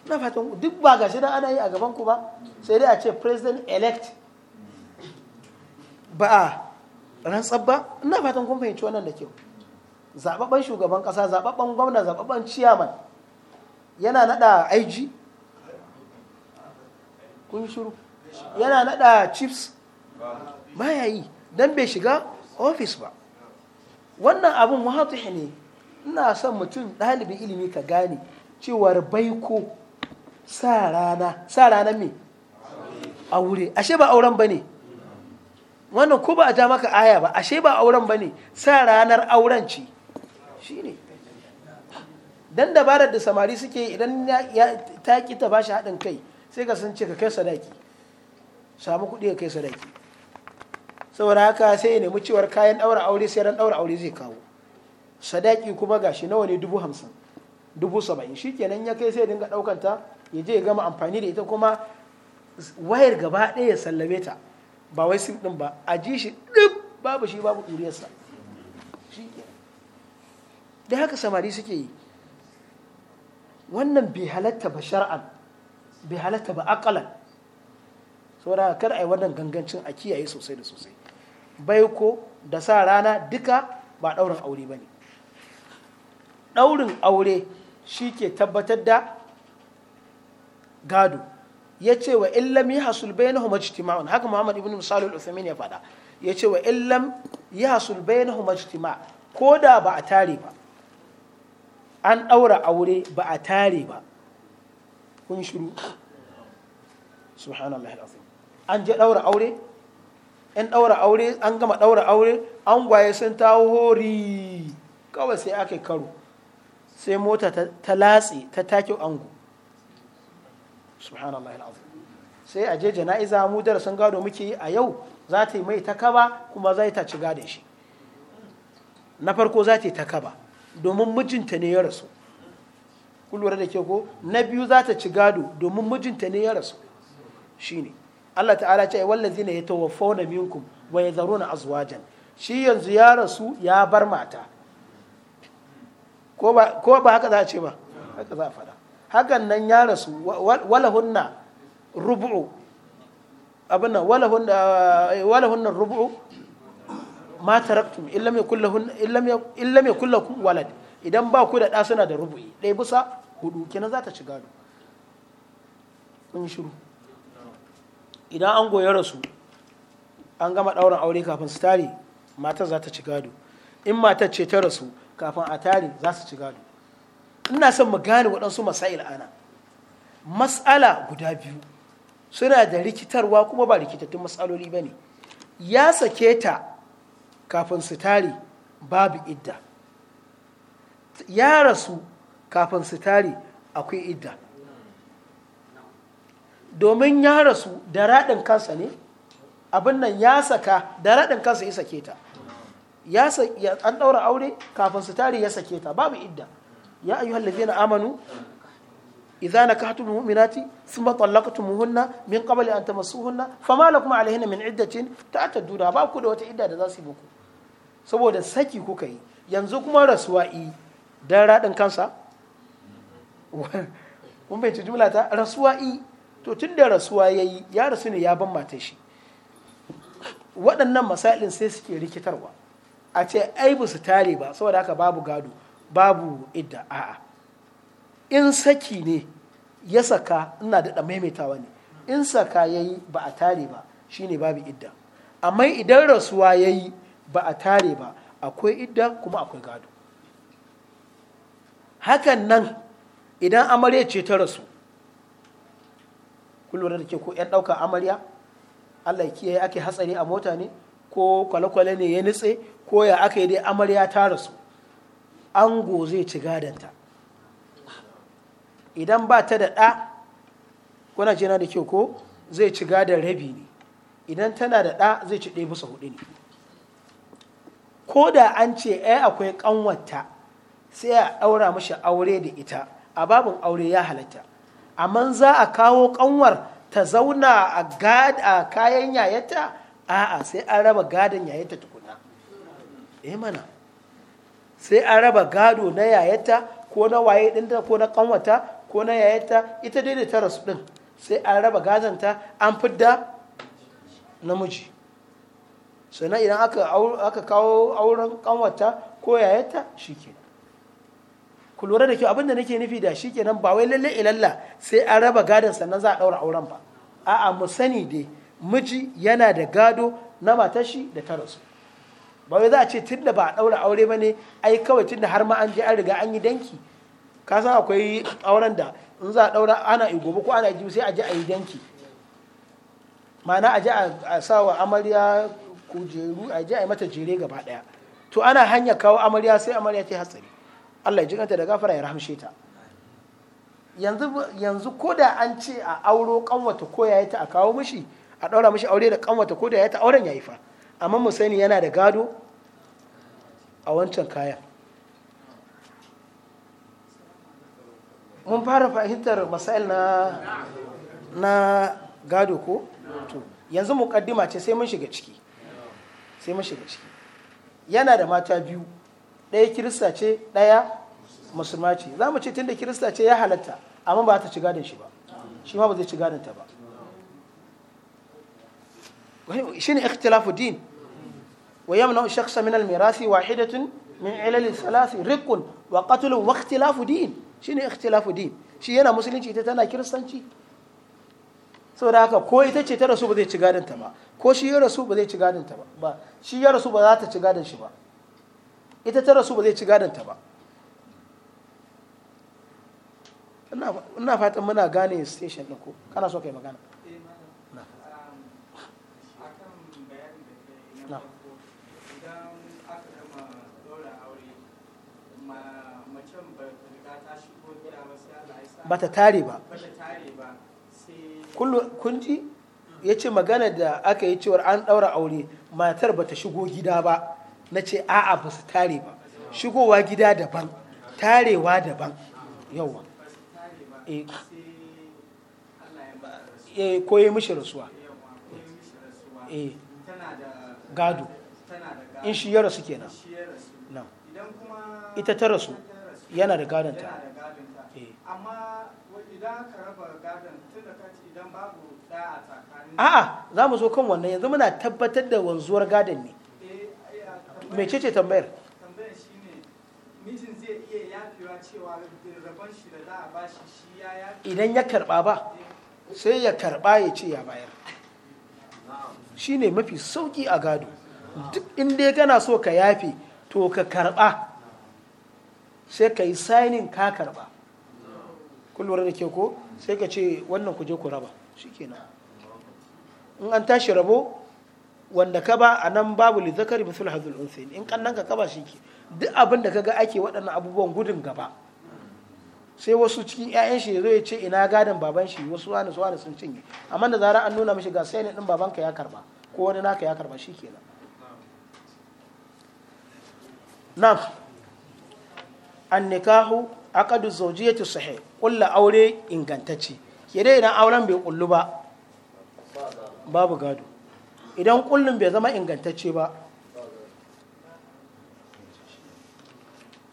na fatan duk ba gashi da ana yi a gaban ku ba sai dai a ce president elect ba a rantsar ba na fatan kun fahimci wannan da kyau zababban shugaban kasa zababban gwamna zababban ciyaman yana nada IG kun shiru yana nada chiefs ba ya yi don bai shiga ofis ba wannan abin wahatuhi ne ina son mutum ɗalibin ilimi ka gane cewar baiko sa rana sa rana me aure ashe ba auren ba ne wannan ko ba a ja maka aya ba ashe ba auren ba ne sa ranar auren ce shi ne don dabarar da samari suke idan ta ki ta bashi haɗin kai sai ka san ce ka kai sadaki samu kuɗi ka kai sadaki saboda haka sai ya nemi cewar kayan daura aure sai ran daura aure zai kawo sadaki kuma gashi nawa ne dubu hamsin dubu saba'in shi kenan ya kai sai dinga ɗaukanta ya je ya gama amfani da ita kuma wayar gaba ɗaya ya sallame ta ba wai sim ɗin ba a ji shi duk babu shi babu ɗuriyarsa da haka samari suke yi wannan bai halatta ba shar'an bai halatta ba akalan saboda kar a yi wannan gangancin a kiyaye sosai da sosai baiko da sa rana duka ba ɗaurin aure ba ne ɗaurin aure shi ke tabbatar da gado ya ce wa illam yi hasul bayan homajtima'un haka muhammad ibn misali al-uthamin ya faɗa ya ce wa illam yi hasul bayan homajtima ko da ba a tare ba an ɗaura aure ba a tare ba kun shiru subhanallah an je ɗaura aure yan ɗaura aure an gama ɗaura aure an gwaye sun tawo hori kawai sai aka karo sai mota ta latsi ta take ango subhanallah alazim sai a je jana'iza mu darasin gado muke yi a yau za ta yi mai ta kaba kuma za ta ci gadon shi na farko za ta yi ta kaba domin mijinta ne ya rasu kun da ke ko na biyu za ta ci gado domin mijinta ne ya rasu shine Allah ta'ala ce wallazina yatawaffawna minkum wa ya zaro na azwajan shi yanzu ya rasu ya bar mata ko ba haka za a ce ba haka za a faɗa hakan nan ya rasu walahunna rubu'u abinna eh, walahunna rubu'u ma taraktum illam yakul lahun illam walad idan ba ku da ɗa suna da rubu'i ɗaya bisa hudu kina za ta ci gado in shiru idan an goya rasu an gama ɗaurin aure kafin su tare matar za ta ci gado in matar ce ta rasu kafin a tare za su ci gado ina son mu gane waɗansu masail ana Matsala guda biyu suna da rikitarwa kuma ba rikitattun matsaloli ba ne ya sake ta kafin su tare babu idda ya rasu kafin su tare akwai idda domin ya rasu da raɗin kansa ne abin nan ya saka da raɗin kansa ya sake ta an ɗaura aure kafin su tare ya sake ta babu idda ya ayyuhal na amanu idza نكحتم muminati thumma طلقتموهن min qabli an tamassuhunna فما لكم عليهن min عدة تعتدونها ba ku da wata idda da za su muku saboda saki kuka yi yanzu kuma rasuwa yi dan radin kansa kun bai jumla ta yi to tun da rasuwa ya yi ya rasu ne ya ban mata shi waɗannan masalin sai suke rikitarwa a ce ai ba su tare ba saboda haka babu gado babu idda a'a in saki ne ya saka ina daɗa maimaitawa ne in saka ya yi ba a tare ba shine babu idda amma idan rasuwa ya yi ba a tare ba akwai idda kuma akwai gado hakan nan idan amarya ce ta rasu kullum da ke ko yan ɗaukar amarya allah kiyaye ake hatsari a mota ne ko kwale-kwale ne ya nitse ko ya aka yi dai amarya ta rasu ango zai ci gadanta idan ba ta da ɗa kuna jina da kyau ko zai ci gadan rabi ne idan tana da ɗa zai ci ɗaya bisa hudu ne ko da an ce ai akwai ƙanwata sai a ɗaura mashi aure da ita a babin aure ya halatta amma za a kawo kanwar ta zauna a kayan yayata a'a sai an raba gadon yayata tukuna eh mana sai an raba gado na yayata ko na waye ɗinta ko na kanwata ko na yayata ita dai da ta rasu ɗin sai an raba gadon ta, an fidda namiji sannan idan aka kawo auren kanwata ko yayata shi kenan ku lura da kyau abin da nake nufi da shi kenan ba wai lalle ilalla sai an raba gadon sannan za a daura auren ba a'a mu sani dai miji yana da gado na matar shi da ta rasu ba wai za a ce tunda ba a ɗaura aure ba ne ai kawai tunda har ma an je an riga an yi danki ka san akwai auren da in za a daura ana yi gobe ko ana yi sai a je a yi danki ma'ana a je a sa wa amarya kujeru a je a yi mata jere gaba ɗaya to ana hanya kawo amarya sai amarya ta hatsari Allah ya ji kanta da gafara ya rahamshe ta yanzu ko da an ce a auro kanwata ko yayi ta a kawo mishi a ɗaura mishi aure da kanwata ko da yayi ta auren yayi fa amma mu sani yana da gado a wancan kayan mun fara fahimtar masail na na gado ko to yanzu mukaddima ce sai mun shiga ciki sai mun shiga ciki yana da mata biyu ɗaya kirista ce ɗaya musulma ce za mu ce tun kirista ce ya halatta amma ba ta ci gadon shi ba shi ma ba zai ci gadon ta ba shi ne ikhtilafu din wa yamna shakhsa min al-mirasi wahidatun min ilal salasi riqqun wa qatlun wa ikhtilafu din shi ne ikhtilafu din shi yana musulunci ita tana kiristanci saboda haka ko ita ce ta rasu ba zai ci gadon ta ba ko shi ya rasu ba zai ci gadon ta ba shi ya rasu ba za ta ci gadon shi ba ita ta rasu ba zai ci gadonta ba ina fatan muna gane station ɗin ko kana so ka yi magana ba ta tare ba kun ji ya ce magana da aka yi cewar an ɗaura aure matar ba ta shigo gida ba na ce a'a ba su tare ba shigowa gida daban tarewa daban yawa e eh. eh, ko mishi rasuwa e gado in shi ya rasu kenan nan ita ta rasu yana da gadonta amma idan ka raba gadon tun da kaci idan babu da a tsakanin a'a za mu zo kan wannan yanzu muna tabbatar da wanzuwar gadon ne mai ce tambayar tambayar ya idan ya karba ba sai ya karba ya ce ya bayar shi ne mafi sauki a gado duk inda kana so ka yafe to ka karba sai ka yi sainin ka karba kullum da ke ko sai ka ce wannan ku je ku raba shi kenan in an tashi rabo wanda ka ba a nan babu li zakari misul unsayin in kannan ka kaba shi ke duk abin da kaga ake waɗannan abubuwan gudun gaba sai wasu cikin 'ya'yan shi zo ya ce ina gadon baban shi wasu wani su wani sun cinye amma da zara an nuna mishi ga sai ne din babanka ya karba ko wani naka ya karba shi ke nan an nikahu zawjiyati sahih aure ingantacce kera idan auren bai kullu ba babu gado idan kullum bai zama ingantacce ba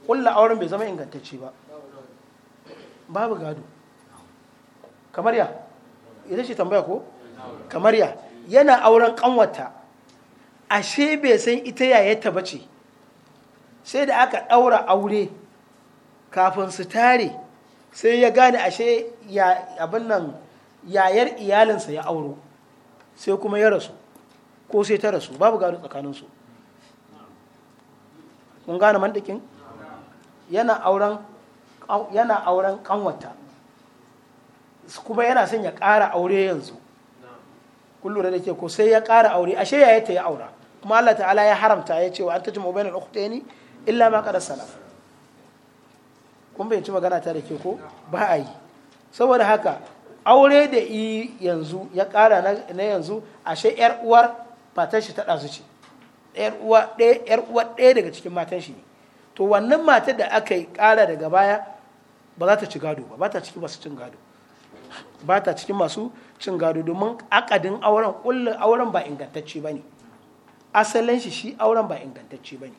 kulla auren bai zama ingantacce ba babu gado kamar ya ita ce tambaya ko kamar ya yana auren kanwata ashe bai san ita yayata ba ce sai da aka ɗaura aure kafin su tare sai ya gane ashe abin nan yayar iyalinsa ya auro sai kuma ya rasu ko sai ta rasu babu gado tsakaninsu kun gane mandakin yana auren yana auren kanwata kuma yana son ya kara aure yanzu kullum da ke ko sai ya kara aure ashe ya ta ya aura kuma Allah ta'ala ya haramta ya ce wa an tajmu bainal ukhtaini illa ma qad salaf kun bai ci magana ta da ke ko ba a yi saboda haka aure da yi yanzu ya kara na yanzu ashe yar uwar matan shi ta ɗazu ce ɗayar uwa ɗaya daga cikin matan shi ne to wannan matar da aka yi ƙara daga baya ba za ta ci gado ba ba ta cikin masu cin gado ba ta cikin masu cin gado domin akadin auren kullum auren ba ingantacce ba ne asalin shi shi auren ba ingantacce ba ne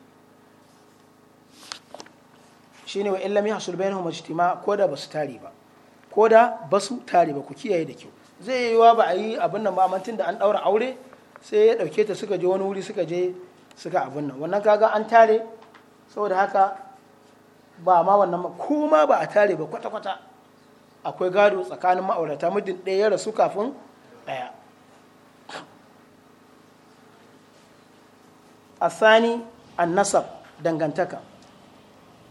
shi ne wa illami hasul bayan homer tima ko da ba su tare ba ko da ba su tare ba ku kiyaye da kyau zai yi wa ba a yi abin nan ba mantin da an ɗaura aure sai ya dauke ta suka je wani wuri suka je suka abin nan wannan kaga an tare saboda haka ba ma wannan kuma ba a tare ba kwata-kwata akwai gado tsakanin ma'aurata muddin ɗaya ya rasu kafin ɗaya a sani asani nasab dangantaka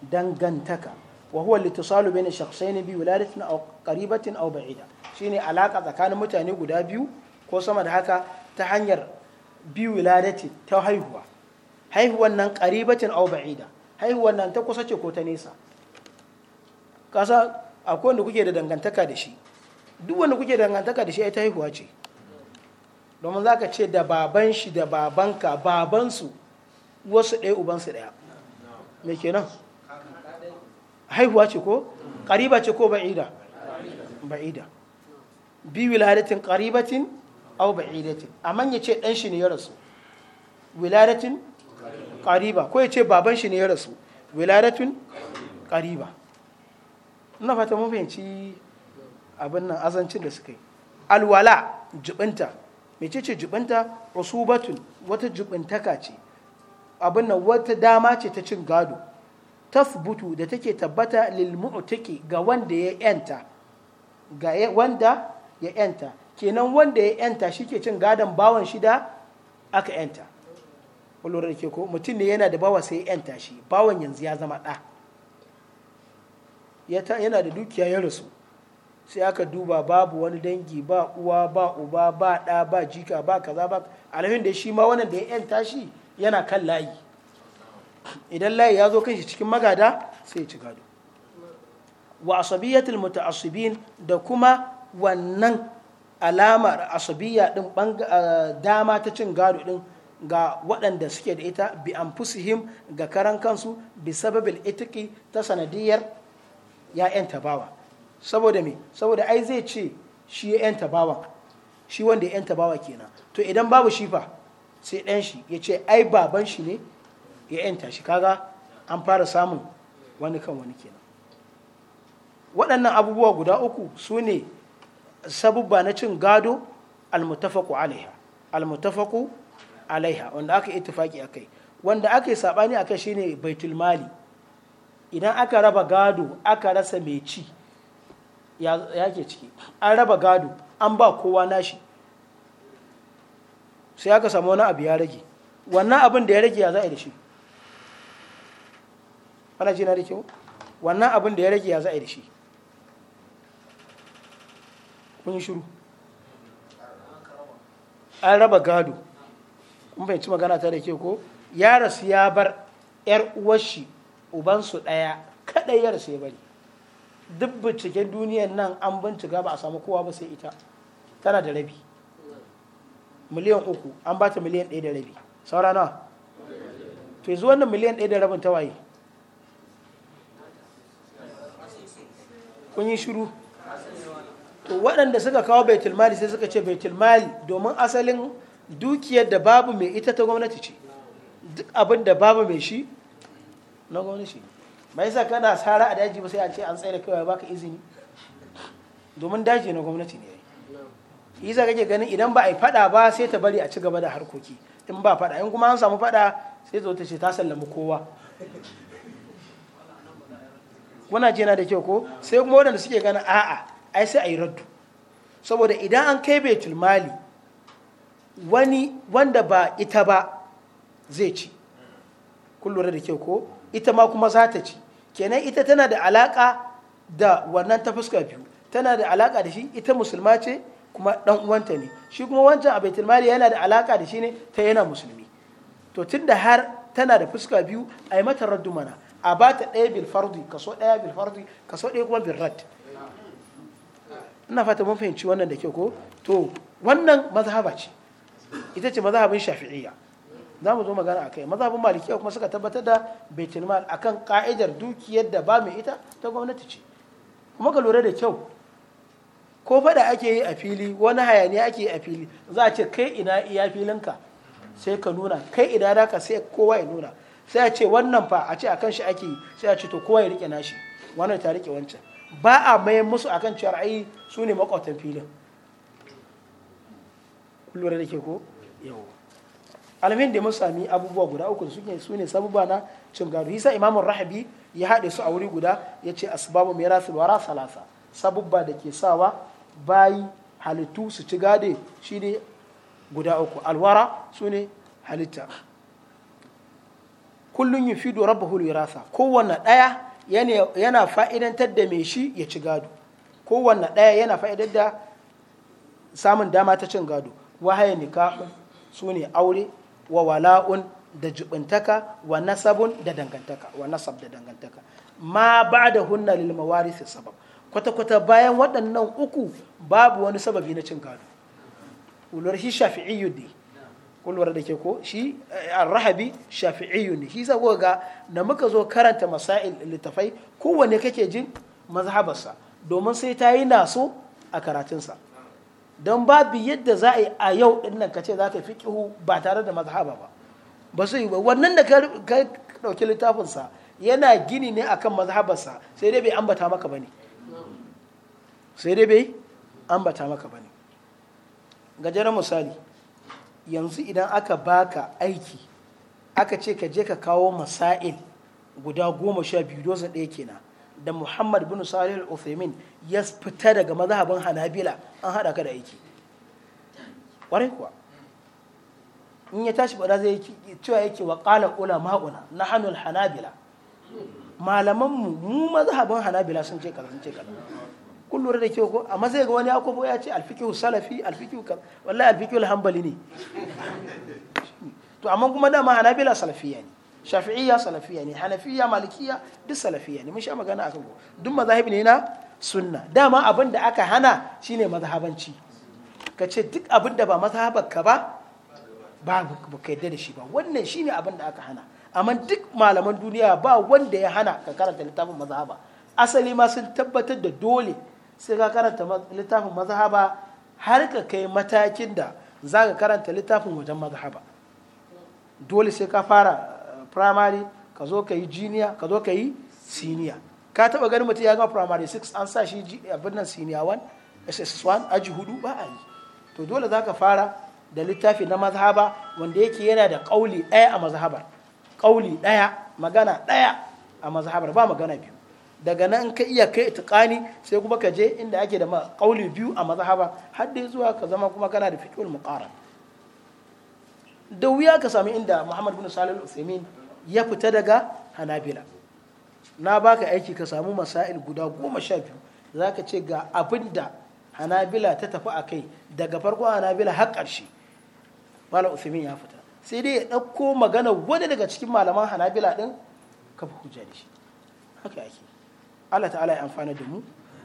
dangantaka wa huwa littisalu bayna shakhsayn bi wiladatin aw qaribatin aw ba'ida shine alaka tsakanin mutane guda biyu ko sama da haka ta hanyar bi wiladati ta haihuwa haihuwan nan qaribatin aw ba'ida haihuwan nan ta kusa ce ko ta nesa kasa akwai wanda kuke da dangantaka da shi duk wanda kuke da dangantaka da shi ai ta haihuwa ce domin za ka ce da baban shi da babanka babansu wasu ɗaya ubansu ɗaya me kenan haihuwa ce ko ƙariba ce ko ba'ida ba'ida bi wiladatin ƙaribatin aw ba'idatin amma ya ce dan shi ne ya rasu wiladatin qariba ko ya ce baban shi ne ya rasu wiladatun qariba ina fata mun fahimci abin nan azancin da suka yi alwala jubinta ce jubinta batun wata jubintaka ce abin nan wata dama ce ta cin gado tasbutu da take tabbata lil mu'taki ga wanda ya yanta ga wanda ya yanta kenan wanda ya yanta shi ke cin gadon bawan shida aka yanta kullum da ke ko mutum ne yana da bawa sai ya yanta shi bawan yanzu ya zama ɗa yana da dukiya ya rasu sai aka duba babu wani dangi ba uwa ba uba ba ɗa ba jika ba kaza ba alhamdulillah da shi ma wannan da ya yanta shi yana kan layi idan layi ya zo kan shi cikin magada sai ya ci gado wa asabiyatul muta'assibin da kuma wannan alamar asabiya din dama ta cin gado din ga waɗanda suke da ita bi fusihim ga karan kansu bi sababil itiki ta sanadiyar ya yan tabawa saboda me saboda ai zai ce shi ya yan tabawa shi wanda ya yan tabawa kenan to idan babu shi fa sai ɗan shi ya ce ai baban shi ne ya ya'yan shi kaga an fara samun wani kan wani kenan waɗannan abubuwa guda uku su ne sabubba na cin gado almutafaku alaiha almutafaku alaiha wanda aka ittifaki akai wanda aka yi sabani akai shine baitul mali idan aka raba gado aka rasa mai ci ya ke ciki an raba gado an ba kowa nashi sai aka samu wani abu ya rage wannan abin da ya rage ya za'a da shi wannan abin da ya rage ya za'a da shi kun yi shiru an raba gado kun fahimci magana ta da ke ko ya rasu ya bar yar uwashi ubansu daya kadai ya rasu ya bari duk binciken duniyan nan an bincika ba a samu kowa ba sai ita tana da rabi miliyan uku an ba ta miliyan ɗaya da rabi saura nawa to yanzu wannan miliyan ɗaya da rabin ta waye kun yi shiru waɗanda suka kawo baitul mali sai suka ce baitul mali domin asalin dukiyar da babu mai ita ta gwamnati ce duk abin da babu mai shi na gwamnati mai yasa kana sara a daji ba sai a ce an tsaye da kawai baka izini domin daji na gwamnati ne isa kake ganin idan ba a yi fada ba sai ta bari a ci gaba da harkoki in ba fada in kuma an samu fada sai zo ta ce ta sallami kowa kuna ce na da kyau ko sai kuma waɗanda suke ganin a'a ai sai a yi raddu saboda idan an kai baitul mali wani wanda ba ita ba zai ci kun da kyau ko ita ma kuma za ta ci kenan ita tana da alaka da wannan ta fuska biyu tana da alaka da shi ita musulma ce kuma dan uwanta ne shi kuma wancan a baitul mali yana da alaka da shi ne ta yana musulmi to tunda har tana da fuska biyu a yi mata raddu mana a ba ta ɗaya bil fardi kaso ɗaya bil fardi kaso ɗaya kuma bil radd ina fata mun fahimci wannan da ke ko to wannan mazhaba ce ita ce mazhabin shafi'iyya za mu zo magana akai mazhabin malikiya kuma suka tabbatar da baitul mal akan ka'idar dukiyar da ba mai ita ta gwamnati ce kuma ka lura da kyau ko fada ake yi a fili wani hayaniya ake yi a fili za a ce kai ina iya filinka sai ka nuna kai ina naka sai kowa ya nuna sai a ce wannan fa a ce akan shi ake yi sai a ce to kowa ya rike nashi wannan ta rike wancan ba a bayan musu kan cewar ai su ne makwatan filin lura da ke ko yau. alamin da mun sami abubuwa guda uku da suke su ne sabuba na cin gado yasa imamun rahabi ya haɗe su a wuri guda ya ce asibabu mai rasu wara salasa sabubba da ke sawa bayi halittu su ci gade shi ne guda uku alwara su ne halitta kullum yi fido rabba hulu rasa kowane ɗaya yana fa'idantar da mai shi ya ci gado kowanne ɗaya yana fa'idar da samun dama ta cin gado wahaya nikahun su ne aure wa wala'un da jibintaka wa nasabun da dangantaka wa nasab da dangantaka ma ba da hunna lilmawari su sabab kwata-kwata bayan waɗannan uku babu wani sababi na cin gado ulur shi shafi'iyyu kullum da ke ko shi eh, rahabi shafi'iyu ne shi sa kuka ga da muka zo karanta masail littafai kowanne kake jin mazhabarsa domin sai ta yi naso a karatunsa don babu yadda za a yi a yau din ka ce za ka fi kihu ba tare da mazhaba ba ba su yi ba wannan da ka ɗauki littafinsa yana gini ne akan mazhabarsa sai dai bai ambata maka ba ne sai dai bai ambata maka ba ne gajeren misali yanzu idan aka baka aiki aka ce ka je ka kawo masail guda goma sha biyu dozin ɗaya kenan da muhammad bin salih al ya fita daga mazhabin hanabila an haɗa ka da aiki ƙwarai kuwa in ya tashi ba zai cewa yake wa ƙula ma'una na hannun hanabila malamanmu mu mazhabin hanabila sun ce kaza sun ce kaza kun lura da kyau ko amma zai ga wani ya ya ce alfikihu salafi alfikihu kan wallahi alfikihu hanbali ne to amma kuma dama hanabila salafiya ne shafi'iyya salafiya ne hanafiya malikiya duk salafiya ne mun sha magana akan ko duk mazhabi ne na sunna dama abin da aka hana shine mazhabanci ka ce duk abin da ba mazhabarka ba ba ka yadda da shi ba wannan shine abin da aka hana amma duk malaman duniya ba wanda ya hana ka karanta littafin mazhaba asali ma sun tabbatar da dole sai ka karanta littafin mazhaba har ka kai matakin da za ka karanta littafin wajen mazhaba dole sai ka fara eh, primary ka zo ka yi junior ka zo ka yi senior ka taba ganin mutum ya gama primary 6 an sa shi abin nan senior 1 ss1 aji hudu ba a yi to dole za ka fara da littafi na mazhaba wanda yake yana da kauli daya a mazhabar kauli daya magana daya a mazhabar ba magana biyu daga nan ka iya kai itiqani sai kuma ka je inda ake da kauli biyu a mazhaba har dai zuwa ka zama kuma kana da fiqhul muqaran da wuya ka sami inda Muhammad bin Salih al-Uthaymeen ya fita daga Hanabila na baka aiki ka samu masail guda goma sha biyu zaka ce ga abinda Hanabila ta tafi a kai daga farko Hanabila har ƙarshe Malam Uthaymeen ya fita sai dai ya dauko magana wani daga cikin malaman Hanabila din ka fi shi haka yake Allah ta'ala ya amfana da mu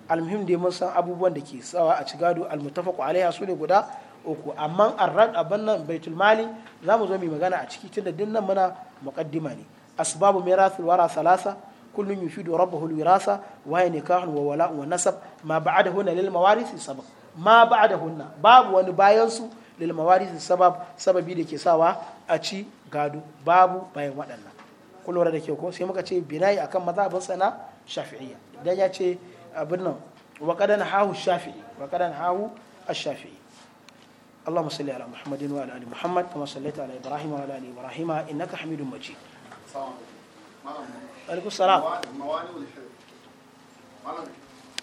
almuhim dai mun san abubuwan da ke sawa a ci gado almutafaqu alaiha su ne guda uku amma arrad abin nan baitul mali za mu zo mu magana a ciki tunda nan muna muqaddima ne asbabu mirathul wara salasa kullun yufidu rabbahu alwirasa wa ya nikahun wa wala wa nasab ma ba'dahunna lil mawarith sabab ma ba'dahunna babu wani bayan su lil mawarith sabab sababi da ke sawa a ci gado babu bayan waɗannan kullu da ke ko sai muka ce bina'i akan maza mazhabin sana shafi'iyya dan ya ce abin nan wa qad nahahu shafi'i wa qad nahahu ash-shafi'i اللهم صل على محمد وعلى ال محمد كما صليت على ابراهيم وعلى ال ابراهيم انك حميد مجيد. السلام عليكم. وعليكم السلام. موانئ الحفظ.